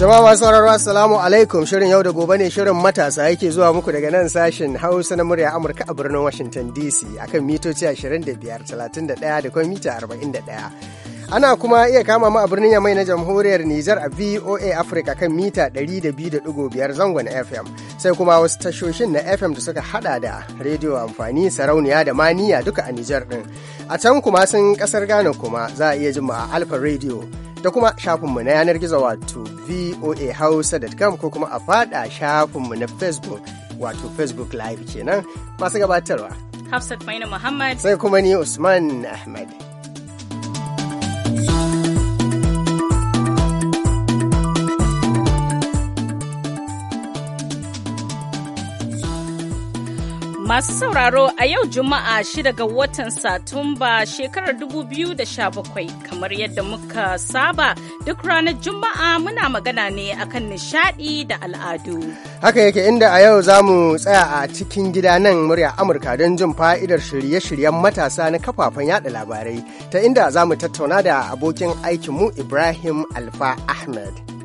Jama'a masu sauraro Assalamu alaikum shirin yau da gobe ne shirin matasa yake zuwa muku daga nan sashen Hausa na murya Amurka a birnin Washington DC akan mitoci 25, 31 da kuma mita 41. Ana kuma iya kama mu a birnin Yamai na Jamhuriyar Nijar a VOA Africa kan mita 102.5 zangon FM. Sai kuma wasu tashoshin na FM da suka hada da rediyo amfani sarauniya da maniya duka a Nijar din. A can kuma sun kasar Ghana kuma za a iya jima a Alfa Radio. da kuma shafinmu na yanar gizo wato voahausa.com ko kuma a fada shafinmu na facebook wato facebook live kenan masu gabatarwa Hafsat Maina Muhammad sai kuma ni Usman Ahmed. Masu sauraro a yau Juma'a shida ga watan Satumba shekarar 2017 kamar yadda muka saba duk ranar Juma'a muna magana ne akan nishadi da al'adu. Haka yake inda a yau za mu tsaya a cikin gida nan murya Amurka don jin fa'idar shirye-shiryen matasa na kafafen yada labarai ta inda za mu tattauna da abokin aikinmu Ibrahim Alfa Ahmed.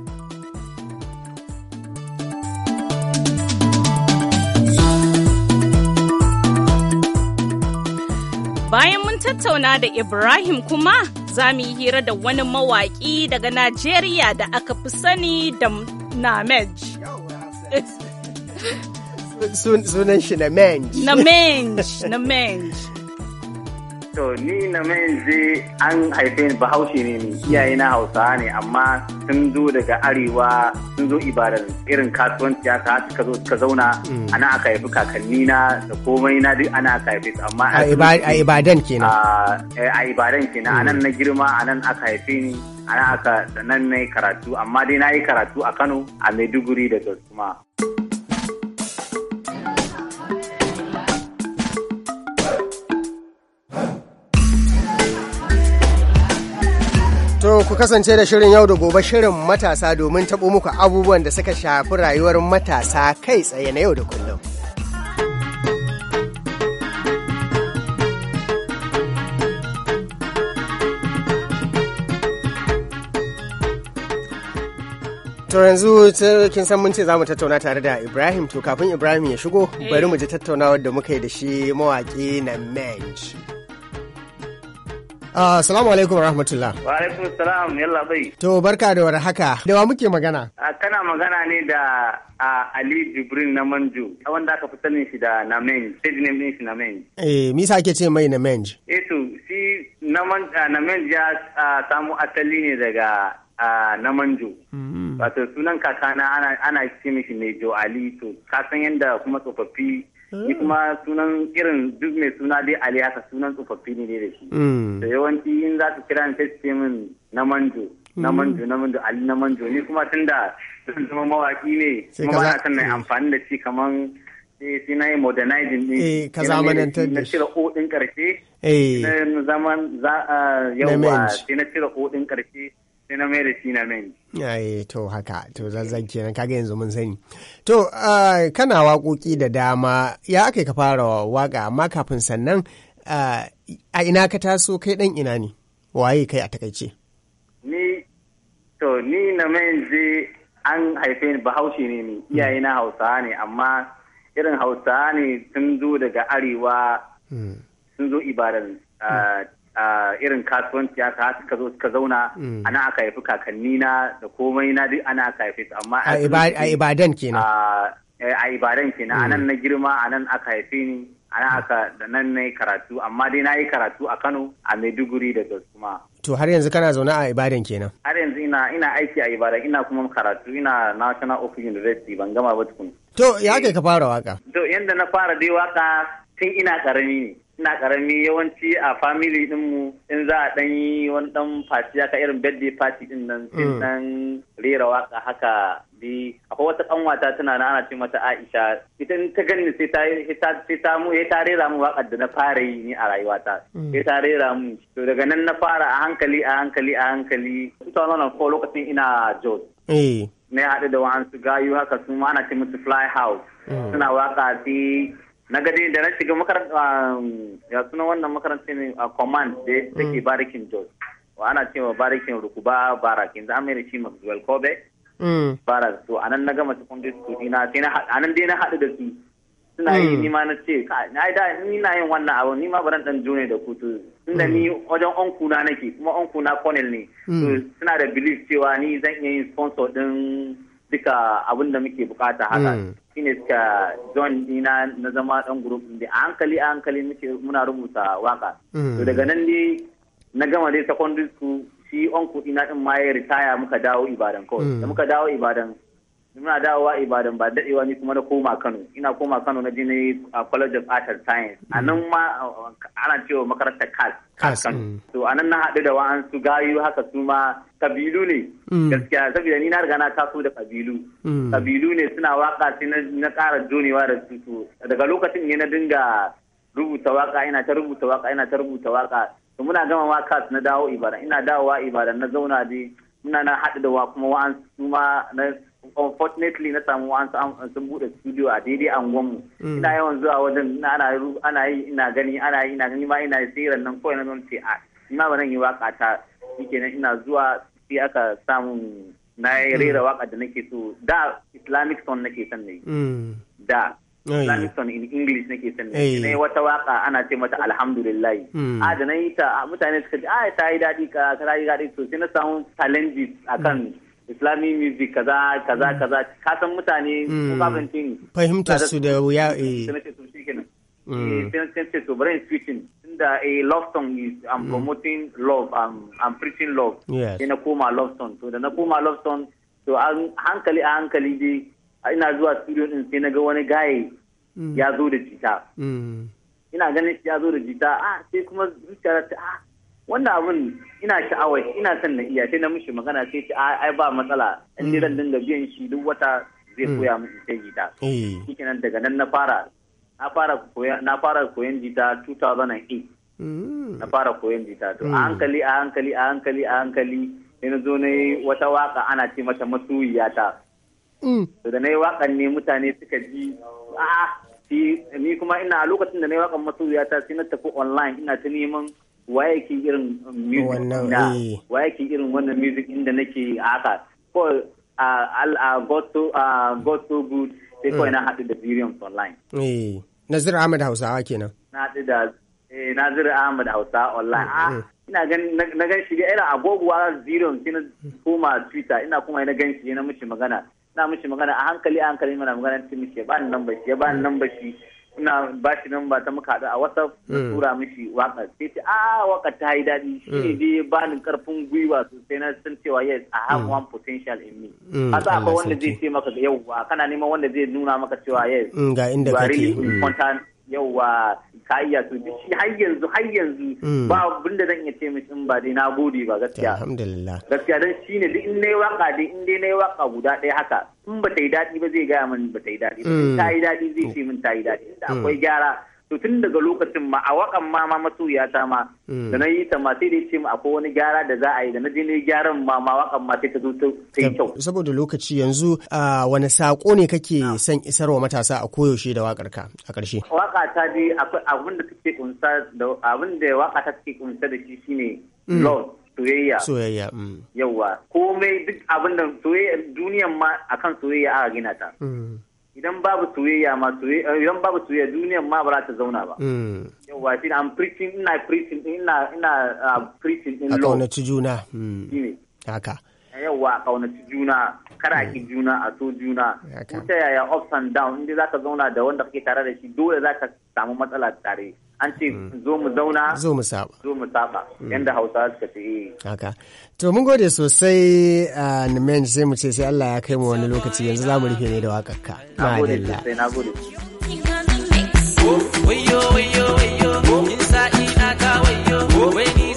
Bayan mun tattauna da Ibrahim kuma za mu yi hira da wani mawaƙi daga Najeriya da aka fi sani da Namej. Sunan shi Namej. Namej, Namej. To ni na je an haife ni bahaushe ne ni iyaye na hausawa ne amma sun zo daga arewa sun zo ibadan irin kasuwanci haka suka zo suka zauna mm. ana aka haifi kakanni na da komai na duk ana aka haife amma ah, eh, a ibadan kenan a ibadan kenan anan mm. na girma anan aka haife ni anan aka nan na yi karatu amma dai na yi karatu a Kano a Maiduguri da Jos To ku kasance da shirin yau da gobe shirin matasa domin taɓo muku abubuwan da suka shafi rayuwar matasa kai tsaye na yau da kullum. To yanzu kin san mun ce za mu tattauna tare da Ibrahim to kafin Ibrahim ya shigo eh. bari mu ji tattaunawar da muka yi da shi mawaƙi na Mench. Ah, assalamu alaikum rahmatullah. Wa alaikum salam yalla bai. To barka da haka. Da wa muke magana? Ah, kana magana ne da ah, Ali Jibrin na Manju, wanda aka fi sanin shi da Namenj, stage name din shi Namenj. Eh, me yasa ake ce mai Namenj? Eh to, shi Namenj ya samu asali ne daga Namanjo. Hmm. Wato sunan kakana ana ce mishi Mejo Ali to, ka san yadda kuma tsofaffi ni ah. kuma sunan irin duk mai suna dai ali haka sunan tsofaffi ne da shi mm. da yawanci in za su kira ni sai min na mm. manjo na manjo na manjo ali na manjo ni kuma tun da sun zama mawaki ne kuma ba san na amfani da shi kaman sai na yi modernizing din eh ka zamanantar da shi na cire o din karshe eh na zaman za ah, yawa sai na cire o din karshe sai na mai da shi to haka, to zazzan kenan kaga yanzu mun sani. To, kana waƙoƙi da dama, ya aka ka fara waƙa, amma kafin sannan a ina ka taso kai ɗan ina ne, waye kai a takaice. Ni, to, ni na mai an haife ni bahaushe ne ni, hmm. iyaye na hausa ne, amma irin hausa ne sun zo daga arewa, hmm. sun zo ibadan hmm. irin kasuwanci kasu ka zo suka zauna mm. ana aka haifi kakanni na da komai na duk ana aka haifi amma eh, a ibadan kenan a ibadan kenan anan mm. na girma anan aka haife ni ana mm. aka da nan na yi karatu amma dai na yi karatu a kano a maiduguri da jos kuma to har yanzu kana zaune a ibadan kenan har yanzu ina ina aiki a ibadan ina kuma karatu ina national office university ban gama ba tukun to ya kai ka fara waka to yanda na fara dai waka tun ina karami ne ina karami yawanci a family dinmu in za a dan yi wani dan party aka irin birthday party din nan sai dan mm. rera waka haka bi akwai wata wata tana na ana ce mata Aisha ita ta ganni sai ta sai ta mu ta rera mu wakar da na fara yi ni a rayuwata mm. sai ta rera mu to daga nan na fara a hankali a hankali a hankali ko lokacin ina Jos eh. Na yi haɗu da wa'ansu gayu haka su ma ana ce musu fly house mm. suna waka sai na gani da na shiga makaranta um, ya suna wannan makaranta ne a command da ke mm. barikin jos ana cewa barikin rukuba barak yanzu an mai shi maxwell kobe mm. barak to anan na gama secondary school dina sai na anan dai na haɗu da su suna yi mm. ni ma na ce na da ni na yin wannan abu ni ma baran dan june da kutu tunda ni wajen onku na nake kuma onku na colonel ne suna da belief cewa ni zan iya yin sponsor din duka abin da muke bukata haka shine zon ɗina dina na zama ɗan group da a hankali a hankali muke muna rubuta waka mm. to daga nan ne na gama dai secondary school shi on kuɗi na din ma ya ritaya muka dawo ibadan kawai da mm. muka dawo ibadan muna dawowa ibadan ba daɗewa ni kuma na koma kano ina koma kano na jini a college of art and science a nan ma ana cewa makarantar kas kano mm. to a nan na haɗu da wa'ansu gayu haka su ma kabilu ne mm. gaskiya saboda ni na riga na taso da kabilu mm. kabilu ne suna waka sai na ƙara jonewa da su daga lokacin ne na dinga rubuta waka ina ta rubuta waka ina ta rubuta waka to muna gama waka na dawo ibadan ina dawowa ibadan na zauna dai muna na haɗu da wa kuma wa'ansu ma na unfortunately na samu an sun bude studio a daidai anguwan mu mm. ina yawan zuwa wajen ana ana yi ina gani ana yi ina gani ma ina yi sai nan kawai na ah, zan ce a ina ba nan yi waka ta nan ina zuwa sai aka samu na yi mm. rera waka da nake so da islamic song nake son ne mm. da islamic song in english nake son ne na yi wata waka ana ce mata alhamdulillah a da na yi ta mutane suka ce a ta yi daɗi ka ta yi daɗi sosai na samu challenges akan islami music kaza kaza mm. kaza ka san mutane mm. ko kabantin fahimtar su da wuya eh. Mm. eh sai to shikenan eh sai sai to brain switching tunda a love song is I'm promoting love I'm I'm preaching love sai na koma love song to da na koma love song to an hankali a hankali dai ina zuwa studio din sai na ga wani gaye ya zo da jita ina ganin ya zo da jita ah sai kuma zuciya ta ah wannan abun ina sha'awai ina son na iya sai na mishi magana sai ce ai ba matsala in jiran dinga biyan shi duk wata zai mm. koya min sai gida eh. shikenan daga nan na fara na fara koyan na fara koyan jita 2008 mm. na fara koyan jita to a mm. hankali a hankali a hankali a hankali sai na zo na yi wata waka ana ce mata masoyiya to da na yi wakan ne mutane suka ji a ah, ni kuma ina a lokacin da na yi wakan masoyiya sai na tafi online ina ta neman waye ki irin music na eh. waye ke irin wannan music inda nake a haka ko a go so good sai kawai na mm. hadu da Birium online. Eh, Nazir Ahmad Hausawa kenan. Na hadu da eh, Nazir Ahmad Hausa online. Ah, mm, mm. ina gan na gan shi ga irin agogowa zero kina na koma twitter ina kuma yana gan shi na mishi magana na mishi magana a hankali a hankali mana magana ta mishi ya ba ni namba shi ya ba ni namba shi na ba shi nan ba ta muka haɗu a wasa mm. tura mishi waka sai ce a ah, waka ta yi daɗi shi ne mm. dai ba ni karfin gwiwa sosai na san cewa yes i have mm. one potential in me hasa akwai wanda zai ce maka yauwa kana neman wanda zai nuna maka cewa yes ga inda kake yauwa ka iya to shi har yanzu har yanzu mm. ba abin da zan iya ce mishi in ba dai na gode ba gaskiya alhamdulillah gaskiya dan shine duk in nayi waka dai in dai nayi waka guda ɗaya haka in ba ta yi daɗi ba zai gaya min ba ta yi daɗi ba mm. ta yi daɗi zai ce min ta yi in da mm. akwai gyara to tun daga lokacin ma a wakan ma ma masoya ta ma hmm. da na yi ta ma sai dai ce ma akwai wani gyara da za a yi da na je gyaran ma ma wakan ma sai ta zo ta yi kyau saboda lokaci yanzu a wani sako ne kake son isarwa matasa a koyaushe da wakar ka a ƙarshe waka ta dai akwai abin da take kunsa da abin da waka ta take kunsa da shi shine hmm. love soyayya soyayya hmm. yawa komai duk abin da soyayya duniyan ma akan soyayya aka gina ta idan babu soyayya ma eh, idan babu soyayya duniyar ma ba za ta zauna ba mm. yawa shi na preaching ina preaching ina ina ah, preaching in law mm. eh, a juna haka yawa a kaunaci juna kada ki mm. juna a so juna ko ta yaya ups and down inda ka zauna da wanda kake tare da shi dole ka samu matsala tare an ce mm. zo mu zauna zo mu saba zo mu saba mm. yanda hausa suka ce eh. haka to mun gode sosai a uh, nimen sai mu ce sai Allah ya kai mu wani lokaci yanzu za mu rufe ne da wakarka na gode sai na gode wayo wayo wayo in sa'i na ka wayo wai ni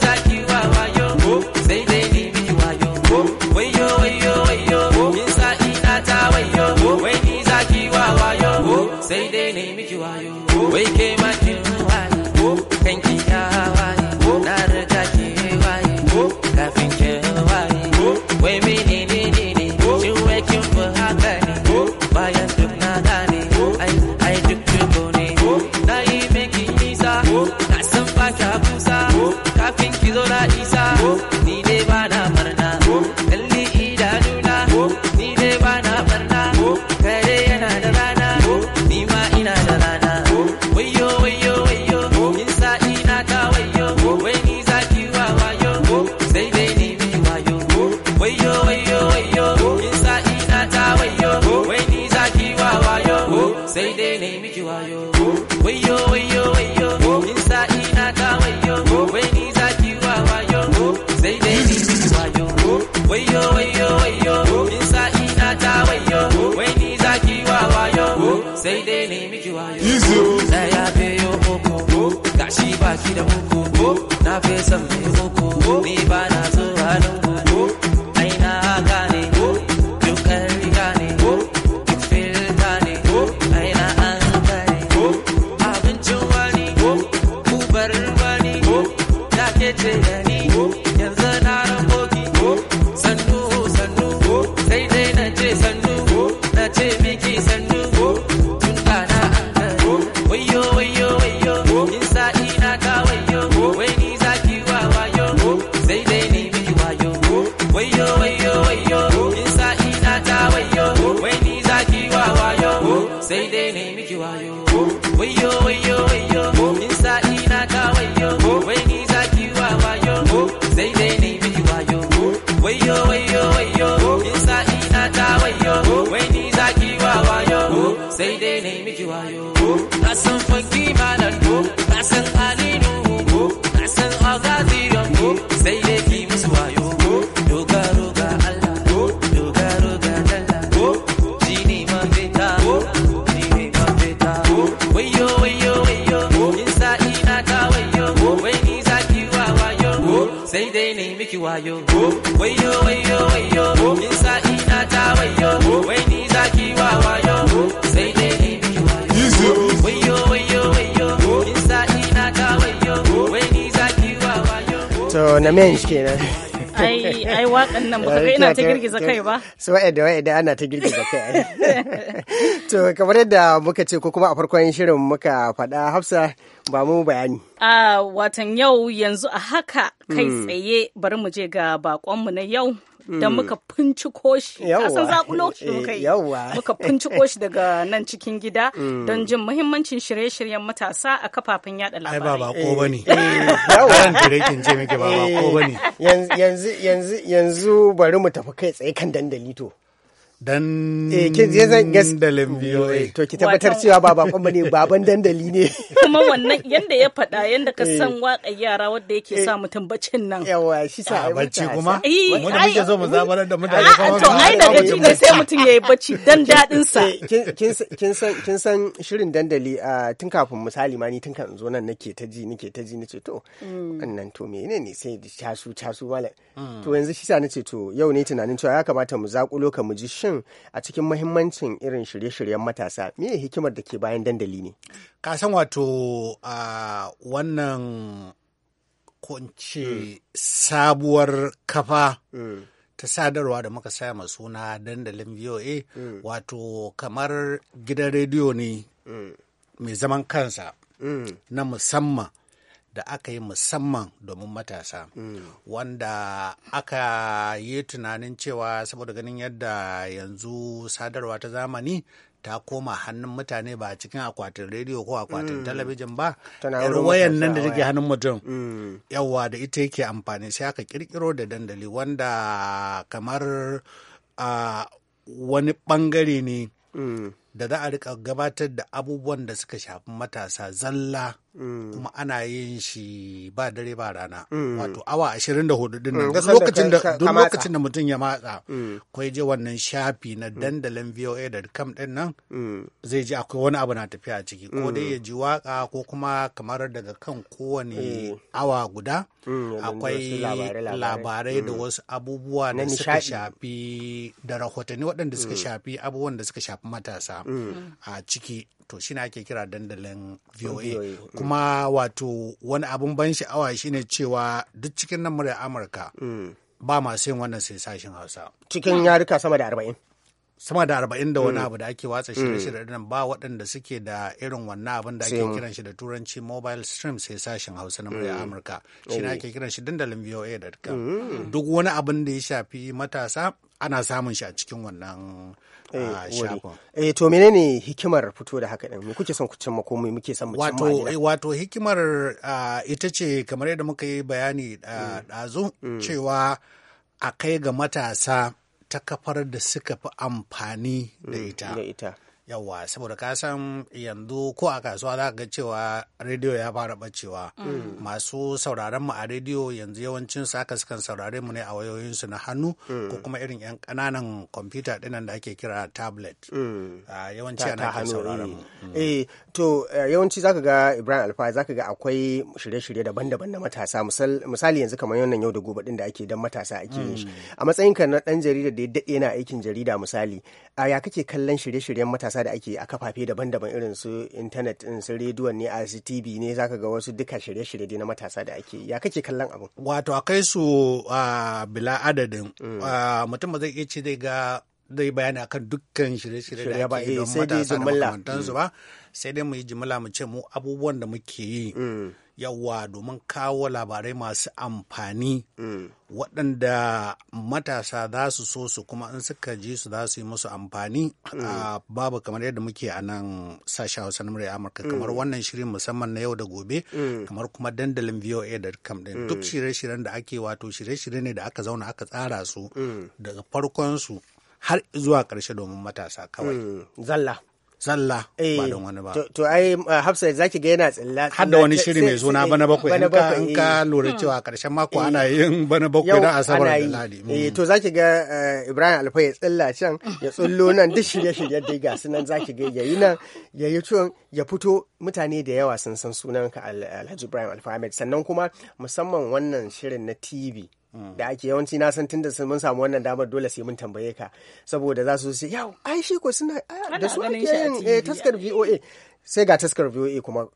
wayo wayo wayo wayo kin sa ina ta wayo wai ni za ki wa wayo sai dai ni biki wayo wayo wayo wayo kin sa ina ta wayo wai ni za ki wa wayo to na men kenan ai ai wakan nan ba ga ina ta girgiza kai ba so wa'e da wa'e da ana ta girgiza kai to kamar yadda muka ce ko kuma a farkon shirin muka faɗa Hafsa ba mu bayani. A watan yau yanzu a haka kai hmm. tsaye bari mu je ga bakonmu na yau da hmm. muka finciko shi kasan zakulo shi eh, muka yi muka finciko shi daga nan cikin gida hmm. don jin muhimmancin shirye-shiryen matasa a kafafen yada labarai ba eh. bako ne, ɗan eh, kirekin ce muke ba bako bane yanzu yanzu bari mu tafi kai tsaye kan dandali to Dan eh kin je zan dandalin VOA. To ki tabbatar cewa ba bakon bane baban dandali ne. Kuma wannan yanda ya faɗa yanda ka san eh. waƙar yara wadda yake sa eh. mutum bacin nan. Yawa shi sa ah, ai bacci kuma. Mu eh, da muke zo mu zabarar da mutane ah, kuma. To ai daga ji ne sai mutum yayi bacci dan dadin sa. Kin san kin san shirin dandali a tun kafin misali ma ni tun kan zo nan nake ta ji nake ta ji nace to mm. wannan to me ne sai casu casu malam. Mm. To yanzu shi sa nace to yau ne tunanin cewa ya kamata mu zaƙulo ka mu ji shi? mutum a cikin mahimmancin irin shirye-shiryen matasa me hikimar da ke bayan dandali ne ka san wato a wannan kunce hmm. sabuwar kafa hmm. ta sadarwa da muka sama suna dandalin voa hmm. wato kamar gidan rediyo ne mai zaman kansa na musamman da aka yi musamman domin matasa wanda aka yi tunanin cewa saboda ganin yadda yanzu sadarwa ta zamani ta koma hannun mutane ba cikin akwatin rediyo ko akwatin mm. talabijin ba yar wayan nan da take hannun mutum mm. yawwa da ita yake amfani sai aka kirkiro da dandali wanda kamar wani bangare ne mm. da za a rika gabatar da abubuwan da suka shafi matasa zalla Mm. kuma ana yin shi ba dare ba rana mm. wato awa hudu din nan mm, duk lokacin da mutum ya matsa kai je wannan shafi na dandalin da voa.com din nan zai ji akwai wani abu na tafiya a ciki ko dai ya ji waka ko kuma kamar daga kan kowane awa guda akwai labarai da wasu abubuwa da suka shafi da rahotanni waɗanda suka shafi abubuwan da suka shafi matasa a ciki to shi ake kira dandalin voa mm. kuma wato wani abun ban sha'awa shine cewa duk cikin nan murya amurka mm. ba masu yin wannan sai sashen hausa cikin yarika sama da arba'in sama da arba'in da wani mm. abu da ake watsa shirye-shirye nan ba waɗanda suke da irin wannan abin da ake kiran shi da turanci mobile stream sai sashen hausa na murya amurka shi ne oh. ake kiran shi dandalin voa da duk wani abin da ya shafi matasa ana samun shi a cikin wannan Eh, a shafin eh to menene hikimar fito da haka din kuke son ku cimma ko muke son mu cimma wato eh, wato hikimar ita ce kamar yadda muka yi bayani dazu mm. Mm. cewa a kai ga matasa ta kafar da suka fi amfani da mm, ita yawa saboda ka san yanzu ko a kasuwa za ga cewa rediyo ya fara bacewa mm. masu sauraron mu a rediyo yanzu yawancin su aka sukan saurare mu ne a wayoyinsu na hannu ko mm. kuma irin yan kananan kwamfuta dinan da ake kira tablet mm. ah, yawanci ana kan sauraron mu eh to eh, yawanci zaka ga Ibrahim Alfa zaka ga akwai shirye-shirye daban-daban na matasa misali yanzu kamar wannan yau da gobe din da ake dan matasa ake yin shi a matsayinka na dan jarida da ya dade yana aikin jarida misali a ya kake kallon shirye-shiryen matasa wasa da ake a kafafe daban-daban irin su intanet din su rediyon ne a su tv ne zaka ga wasu duka shirye-shirye na matasa da ake ya kake kallon abu wato a kai su a bila adadin mm. mutum ba zai iya ce zai ga zai bayani akan dukkan shirye-shirye da ake eh, don matasa da makamantansu mm. ba sai dai mu yi jimila mu ce mu abubuwan da muke yi mm. yawa domin kawo labarai masu amfani mm. waɗanda matasa za su so su kuma in suka ji su za su yi musu amfani mm. ah, babu kamar yadda muke a nan sashen hausa na murya amurka mm. kamar wannan shirin musamman na yau da gobe kamar kuma dandalin voa da kam ɗin duk shirye-shiryen da ake wato shirye-shirye ne da aka zauna aka tsara su daga farkon su har zuwa ƙarshe domin matasa kawai zalla sallah ba eh, don wani ba. To ai uh, za ki ga yana tsalla Har da wani shiri mai zuna bana bakwai in ka eh. lura cewa karshen mako eh. ana yin bana bakwai da asabar da ladi. Eh mm. to ki ga uh, Ibrahim Alfa ya tsalla can ya tsullo nan duk shirye shirye dai ga sunan ki ga yi nan yi tun ya fito mutane da yawa sun san ka Alhaji Ibrahim Alfa Ahmed sannan kuma musamman wannan shirin na TV da ake yawanci na san tunda mun samu wannan damar dole sai mun tambaye ka saboda za su ce yau ai shi ko suna da su ake yin eh, taskar VOA sai ga taskar VOA kuma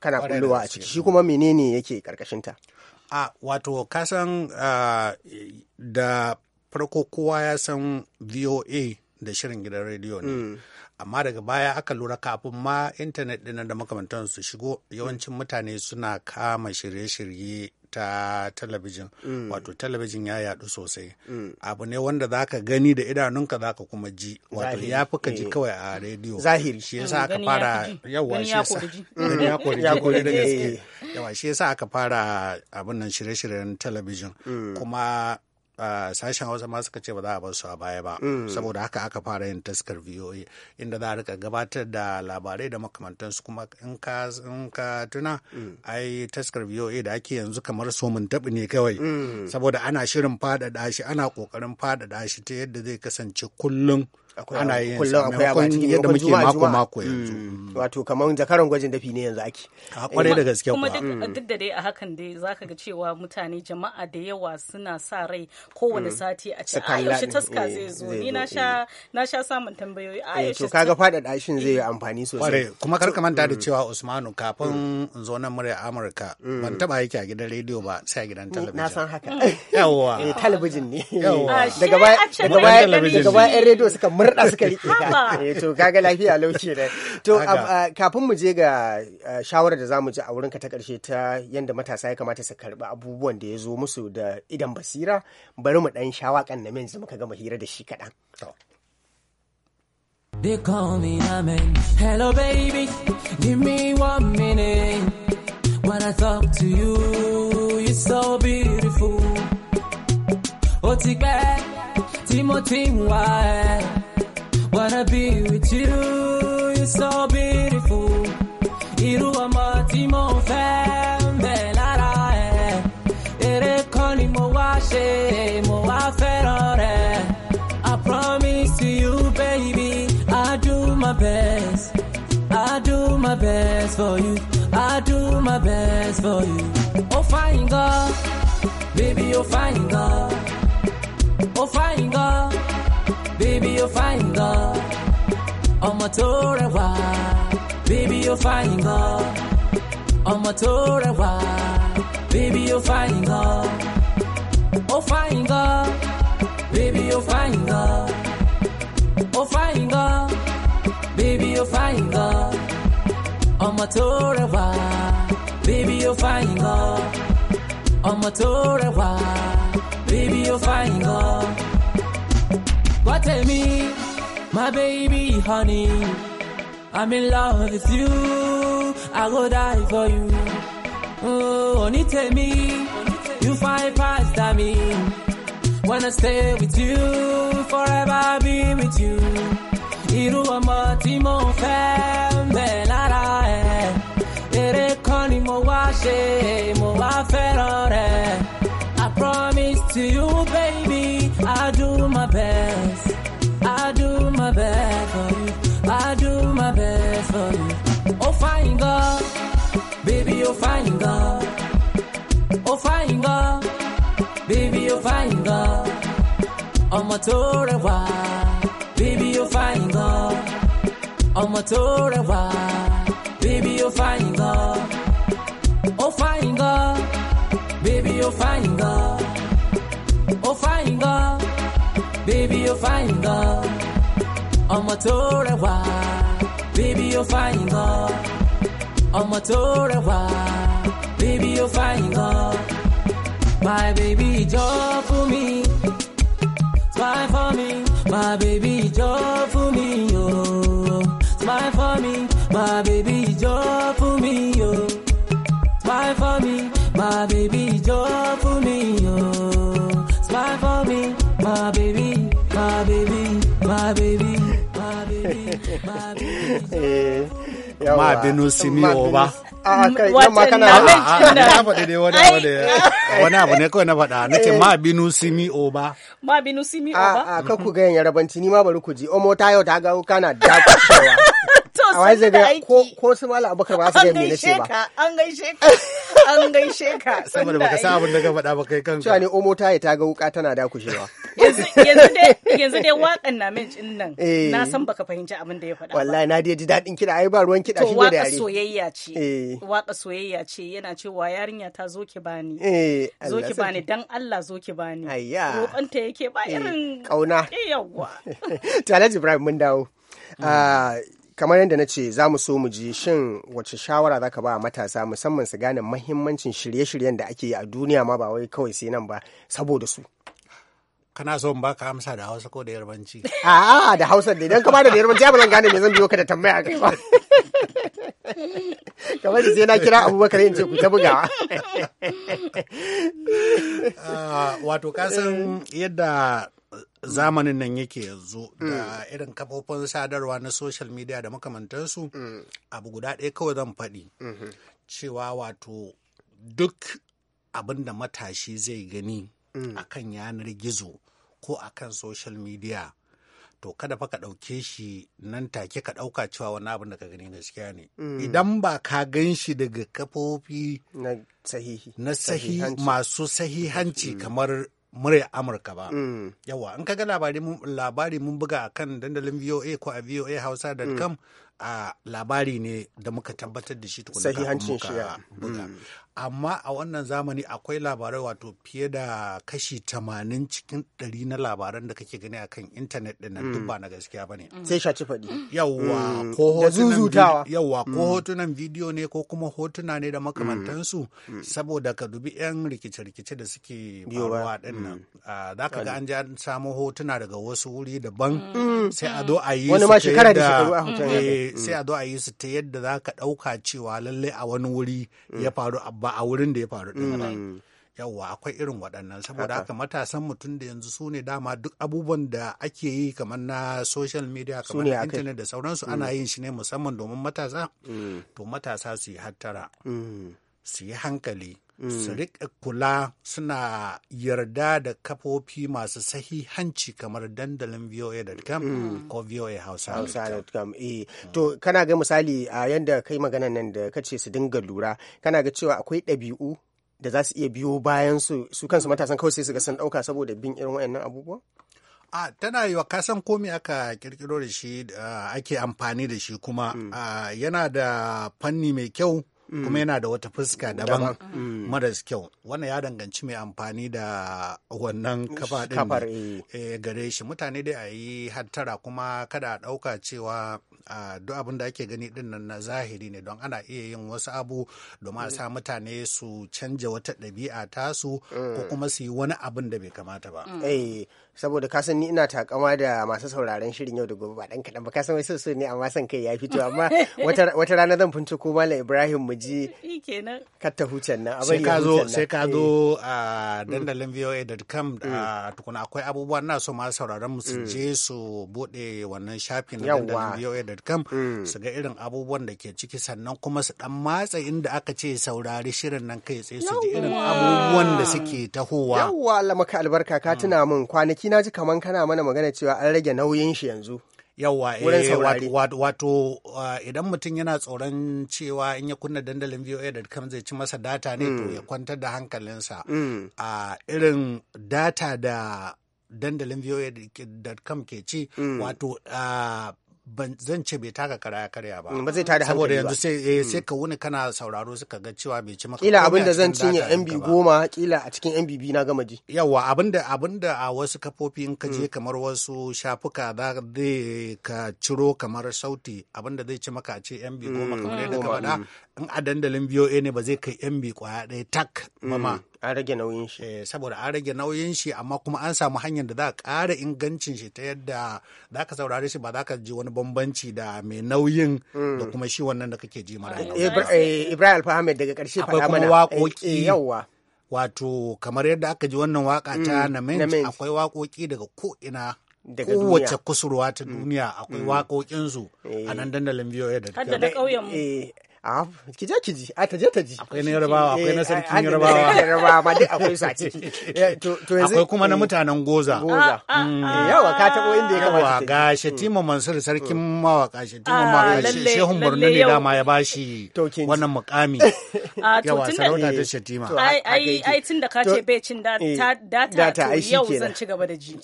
kana kullowa a ciki shi kuma menene yake karkashin ta a wato kasan da farko kowa ya san VOA da shirin gidan rediyo ne mm. amma daga baya aka lura kafin ma intanet ɗin da makamantan su shigo yawancin mutane suna kama shirye-shirye ta talabijin mm. wato talabijin ya yadu sosai mm. abu ne wanda za ka gani da idanunka za ka kuma ji wato ya fi ka ji eh. kawai a rediyo zahiri shi yasa aka fara yawa shi yasa gani ya kori ji da gaske yawa shi yasa eh. aka fara abin nan shirye-shiryen talabijin mm. kuma sashen hausa ma suka ce ba za a bar su a baya ba mm. saboda haka aka fara yin taskar voa inda za a rika gabatar da labarai da makamantansu kuma in ka tuna mm. ai taskar voa da ake yanzu kamar somin taɓi ne kawai mm. saboda ana shirin faɗaɗa shi ana ƙoƙarin faɗaɗa shi ta yadda zai kasance kullum ana yin kullum akwai a yadda muke mako mako yanzu mm. wato kamar zakaran gwajin dafi ne yanzu ake kwarai da gaske kuma mm. duk da dai a hakan dai zaka ga cewa mutane jama'a da yawa suna sa rai kowane mm. sati a ce ah, a yaushe taska eh, zai zo ni na sha eh. na sha samun tambayoyi a ah, eh, yaushe to kaga fada shin zai yi amfani sosai kuma kar ka manta da cewa Usmanu kafin in zo nan murya Amurka ban taba yake a gidan rediyo ba sai a gidan talabijin na san haka yawa talabijin ne yawa ah, daga baya daga baya rediyo suka murɗa suka riƙe ka eh, to kaga lafiya lauke ne to um, uh, kafin mu je ga uh, shawarar da zamu ji a wurinka ta ƙarshe ta yanda matasa ya kamata su karɓi abubuwan da ya zo musu da idan basira bari mu ɗan shawakan na min muka gama hira da shi kaɗan They call me Amen. Hello, baby. Give me one minute. When I talk to you, you're so beautiful. Oh, take back. Timothy, why? wanna be with you. You're so beautiful. Iru amati mo fẹ́ lára ẹ̀. Eré koni mo wá mo wá I promise to you, baby, I do my best. I do my best for you. I do my best for you. Oh, fine girl, baby, oh, fine girl. Oh, fine girl baby, you're fine, girl. Ọmọ tó rẹwà, baby, you're fine, girl. Ọmọ tó rẹwà, baby, you're fine, girl. Ó oh, fine, girl. Baby, you're fine, girl. Ó oh, fine, girl. Baby, you're fine, girl. Ọmọ tó rẹwà, baby, you're fine, girl. Ọmọ tó rẹwà, baby, you're fine, girl tell me, my baby, honey, I'm in love with you. I will die for you. Oh, only tell me, you fight past I me. Mean. Wanna stay with you, forever be with you. Irú amo tí mo ń fẹ́ mẹ́ lára ẹ̀. Eré mo wá mo wá I promise to you, baby, I'll do my best. you're fine, girl. Oh, fine, girl. Baby, you're fine, girl. ọmọ tó rẹwà bébí baby fàyìn gan ọmọ tó rẹwà bébí ó fàyìn gan ó fàyìn gan bébí ó fàyìn gan ó fàyìn gan bébí ó fàyìn gan ọmọ tó rẹwà bébí ó fàyìn gan ọmọ tó rẹwà baby ó fàyìn gan. My baby jọ fún mi, smile for me. My baby jọ fún mi o, smile for me. My baby jọ fún mi o, smile for me. My baby jọ fún mi o, smile for me. My baby, my baby, my baby, my baby, my baby. ma binu simiyo ba ah, na wani abu ne kawai na faɗa nake ce eh. ma binu o ba ma binu o ah, ba a ah, kakku ku ga yin yarabanci ni ma bari ku ji omo tayo ta ga kana da a wai zai ko ko su mala abubakar ba su ga mene ce ba an gaishe ka an gaishe ka saboda baka sa abin da ka faɗa ba kai kanka cewa ne omo ta ta ga wuka tana dakushewa yanzu yanzu dai yanzu dai wakan na min din nan eh. na san baka fahimci abin da ya faɗa wallahi na dai ji dadin kiɗa ai ba ruwan kiɗa shi ne da yare soyayya ce eh. waka soyayya ce yana cewa yarinya ta zo ki bani eh, zo ki bani dan Allah zo ki bani ayya roƙonta yake ba irin kauna yawwa to Alhaji Ibrahim mun dawo mm. ah, kamar yadda na ce za mu so mu ji shin wace shawara za ka ba matasa musamman su gane mahimmancin shirye-shiryen da ake yi a duniya ma ba wai kawai sai nan ba saboda su kana so in ka amsa da hausa ko da yarbanci a'a da hausa ne idan ka bada da yarbanci ba zan gane me zan biyo ka da tambaya kai ba kamar da sai na kira abubakar yin ce ku ta bugawa ah, wato kasan yadda zamanin nan yake yanzu mm. da irin kafofin sadarwa na social media da makamantarsu. Mm. abu guda ɗaya kawai zan faɗi mm-hmm. cewa wato duk abin da matashi zai gani mm. a kan yanar gizo ko a kan social media to kada fa ka ɗauke shi nan take ka ɗauka cewa wani abin da ka gani gaskiya ne idan ba ka gan shi daga kafofi na sahihi masu sahihanci kamar murya amurka ba mm. yawa in kaga labari mun buga a kan dandalin voa ko a voa hausa.com mm. a labari ne da muka tabbatar da shi tukuna sahihancin muka buga mm. amma a wannan zamani akwai labarai wato fiye da kashi tamanin cikin ɗari na labaran da kake gani akan intanet ɗin nan duk mm. ba na gaskiya bane mm. sai shaci faɗi yawwa mm. ko hotunan yawwa ko hotunan bidiyo ne ko kuma hotuna ne da makamantansu saboda ka dubi yan rikice-rikice da suke faruwa ɗin nan za ka ga an ji an samo hotuna daga wasu wuri daban sai a zo a yi su ta yadda eh, sai a zo a yi su ta yadda za ka ɗauka cewa lallai a wani wuri ya faru a ba a wurin da ya faru din mm. yawwa akwai irin waɗannan saboda haka matasan mutum da yanzu sune dama duk abubuwan da ake yi kamar na social media kamar na intanet da sauransu ana mm. yin shi ne musamman domin matasa mm. to matasa su yi hattara su yi hankali Mm. su riƙe kula suna yarda da kafofi masu sahihanci kamar dandalin voa.com mm. ko e to kana ga misali a yadda kai maganan nan da kace su dinga lura kana ga cewa akwai ɗabi'u da za su iya biyo bayan su su kansu matasan kawai sai su ga sun ɗauka saboda bin irin wayannan abubuwa a tana yiwa kasan komi aka kirkiro da shi ake amfani da shi kuma mm. yana da fanni mai kyau kuma yana da wata fuska daban mm. maras kyau wannan ya danganci mai amfani da wannan kafa eh. Eh, gare shi mutane dai a yi hattara kuma kada a ɗauka cewa duk abin da ake gani din nan na zahiri ne don ana iya yin wasu abu domin a mm. sa mutane su canja wata ɗabi'a tasu ko mm. kuma su yi wani abin da bai kamata ba. Eh, saboda ka san ni ina takama da masu sauraron shirin yau da gobe ba dan kaɗan ba ka san wai so ne amma son kai ya fito amma wata rana zan fito ko malam Ibrahim mu je katta ta hucen nan sai hucen zo sai ka eh. zo a mm. dandalin voa.com mm. tukuna akwai abubuwa na so masu sauraron su mm. je su bude wannan shafin na dandalin voa.com su ga irin abubuwan da ke ciki sannan kuma su dan matsa inda aka ce saurari shirin nan kai tsaye su ji irin abubuwan da suke tahowa yawwa Lamaka albarka ka tuna min kwanaki na ji kaman kana mana magana cewa an rage nauyin shi yanzu yawa eh, wato uh, idan mutum yana tsoron cewa in ya kunna dandalin voa da kan zai ci masa data ne to hmm. ya kwantar da hankalinsa hmm. a irin data da dandalin voa.com ke ci hmm. wato uh, ban zan ce bai taka karaya karya ba mm, ba zai tada hankali ba yanzu sai eh, mm. sai ka wuni kana sauraro suka ga cewa bai ci maka kila abin da zan cinye MB goma kila a cikin MB na gama ji yawa abin da abin da a wasu kafofi in ka je mm. kamar wasu shafuka za zai ka ciro kamar sauti abin da zai ci maka a ce MB goma kamar yadda ka faɗa in a dandalin BOA ne ba zai kai MB kwaya ɗaya tak mama an rage nauyin shi eh, saboda an rage nauyin shi amma kuma an samu hanyar da za a ƙara ingancin shi ta yadda za ka saurare shi ba za ka ji wani bambanci da mai nauyin hmm. da kuma shi wannan da kake ji mara eh, ibrahim alfahamed daga ƙarshe faɗa mana waƙoƙi eh, wato kamar yadda aka ji wannan waka ta hmm, namenci akwai waƙoƙi daga ko ina Daga kowace kusurwa ta hmm. duniya akwai waƙoƙinsu a nan dandalin biyoyi da ta ƙauyen ki kije ki ji a taje. je ta akwai na yarbawa akwai na eh, sarkin yarbawa yarbawa akwai su a ciki eh, to yanzu akwai kuma na mutanen goza goza ah, ah, mm. ah. Eh, yawa ka tabo inda ya kamata yawa ga Shatima Mansur sarkin mm. mawaka Shatima mawaka Shehu Borno ne dama ya bashi wannan mukami yawa sarauta ta Shatima ai ai tun da ka ce bai cin data data yau zan ci gaba da ji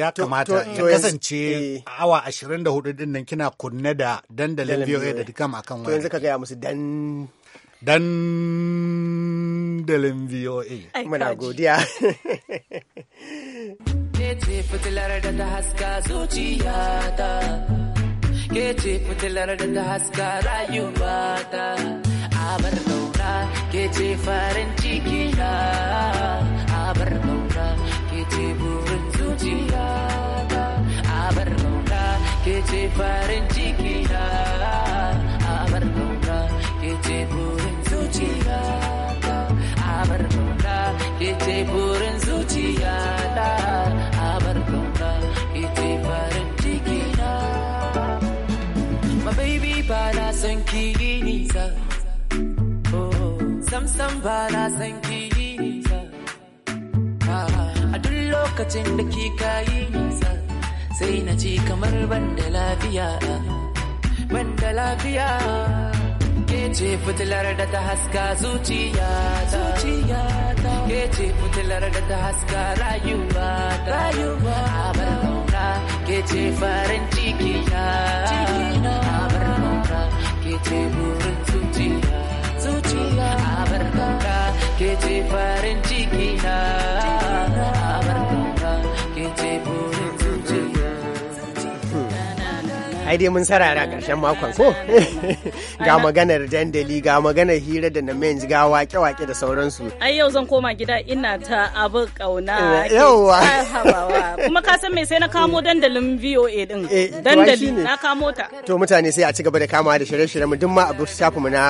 ya kamata ya kasance awa 24 din nan kina kunne da dandalin biyo da dukkan akan wani yanzu ka gaya musu dan dalin VOA. Muna godiya. Kece fitilar da ta haska zuciyata, kece fitilar da ta haska rayuwata, abar kauna kece farin ciki na, abar kauna kece burin zuciyata, abar kauna kece farin ciki ta ce burin zuciya ta abar kauna ita burin zuciya ta abar kauna ita farin ciki na ma baby ba na son ki nisa oh sam sam ba na son ki nisa a duk lokacin da ki kayi nisa sai na ji kamar ban da lafiya ban da lafiya ce fitilar da ta haska zuciya zuciya ke ce fitilar da ta haska rayuwa ta abar kauna ke ce farin ciki ya abar kauna ke ce burin zuciya abar kauna ke ce farin ciki ya abar kauna ke ce burin ai dai mun sarara karshen makon ko ga maganar dandali ga maganar hira da namens ga wake-wake da sauransu ai yau zan koma gida ina ta abu kauna eh, yauwa eh, kuma ka san me sai na kamo dandalin VOA din eh, dandali na kamo ta to mutane sai a ci gaba da kama da shirye-shirye mu duk ma bu shafi mu na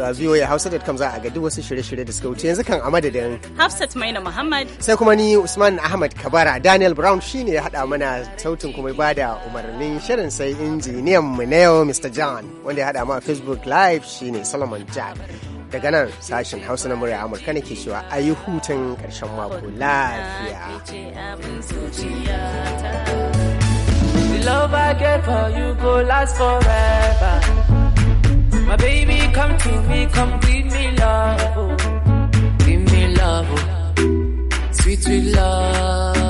uh, voahausa.com za a ga duk wasu shirye-shirye da suka wuce yanzu kan a madadin Hafsat Maina Muhammad sai kuma ni Usman Ahmad Kabara Daniel Brown shine ya hada mana sautin kuma ba da umarnin shirin sai inji injiniyan mu na Mr. John wanda ya had mu a Facebook Live shine Solomon Jack. Daga nan sashen Hausa na murya Amurka ne ke cewa ayi hutun to mako lafiya. The love I get for you go last forever. My baby, come to me, come give me love. Oh. Give me love, oh. sweet, sweet love.